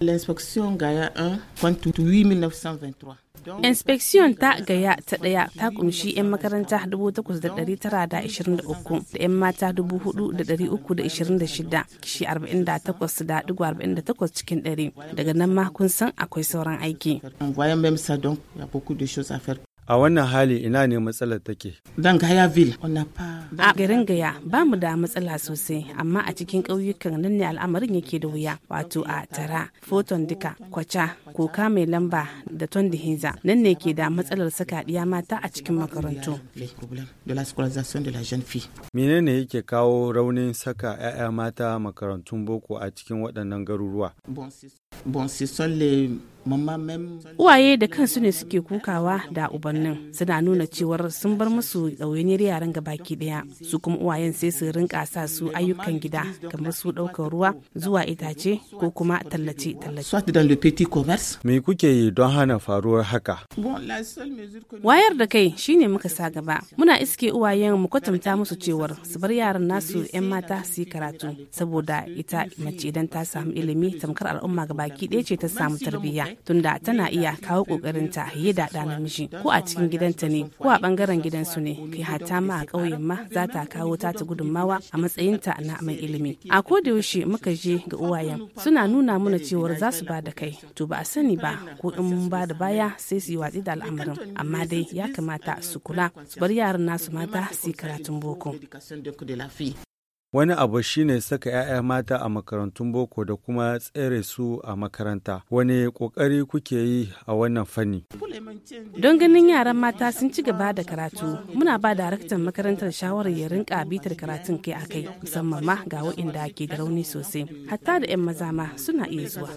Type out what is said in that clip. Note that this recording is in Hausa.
L'inspection Gaya 1 28923. inspection ta gaya ta daya ta kunshi 'yan makaranta 8,923 da 'yan mata 4,326 kishi 48.48 cikin 100 daga nan ma kun san akwai sauran aiki. A wannan hali ina ne matsalar take? A garin Gaya ba mu da matsala sosai amma a cikin ƙauyukan nan ne al'amarin yake da wuya wato a Tara, Foton Dika, Kwacha, Koka mai lamba da Tondihiza nan ne ke da matsalar saka ɗiya mata a cikin makarantu. Menene yake kawo raunin saka 'ya'ya mata makarantun boko a cikin waɗannan garuruwa? Uwaye da kansu ne suke kukawa da ubannin suna nuna cewar sun bar musu ɗauyeniyar yaran gabaki ɗaya su kuma uwayen sai su rinka sa su ayyukan gida kamar su ɗaukar ruwa zuwa itace ko kuma tallace-tallace. Me kuke yi don hana faruwar haka? Wayar da kai shine muka sa gaba. Muna iske uwayen mu kwatanta musu cewar su bar yaran nasu 'yan mata su yi karatu saboda ita mace idan ta samu ilimi tamkar al'umma gabaki ɗaya ce ta samu tarbiyya. tunda tana iya kawo kokarinta yi da na namiji ko a cikin gidanta ne ko a bangaren gidansu ne kai hatta ma a ƙauyen ma za ta kawo ta ta gudunmawa a matsayinta na mai ilimi a ko da yaushe muka je ga uwayen suna nuna mana cewar za su ba da kai to ba a sani ba ko in mun ba da baya sai su yi watsi da al'amarin amma dai ya kamata su kula su bar yaran nasu mata su yi karatun boko Wani abu shine saka 'ya'ya mata a makarantun boko da kuma tsere su a makaranta. Wani ƙoƙari kuke yi a wannan fanni? Don ganin yaran mata sun ci gaba da karatu, muna ba daraktan makarantar shawarar ya rinka bitar karatun kai a kai, musamman ma ga waɗanda ake da rauni sosai. Hatta da 'yan maza ma suna iya zuwa.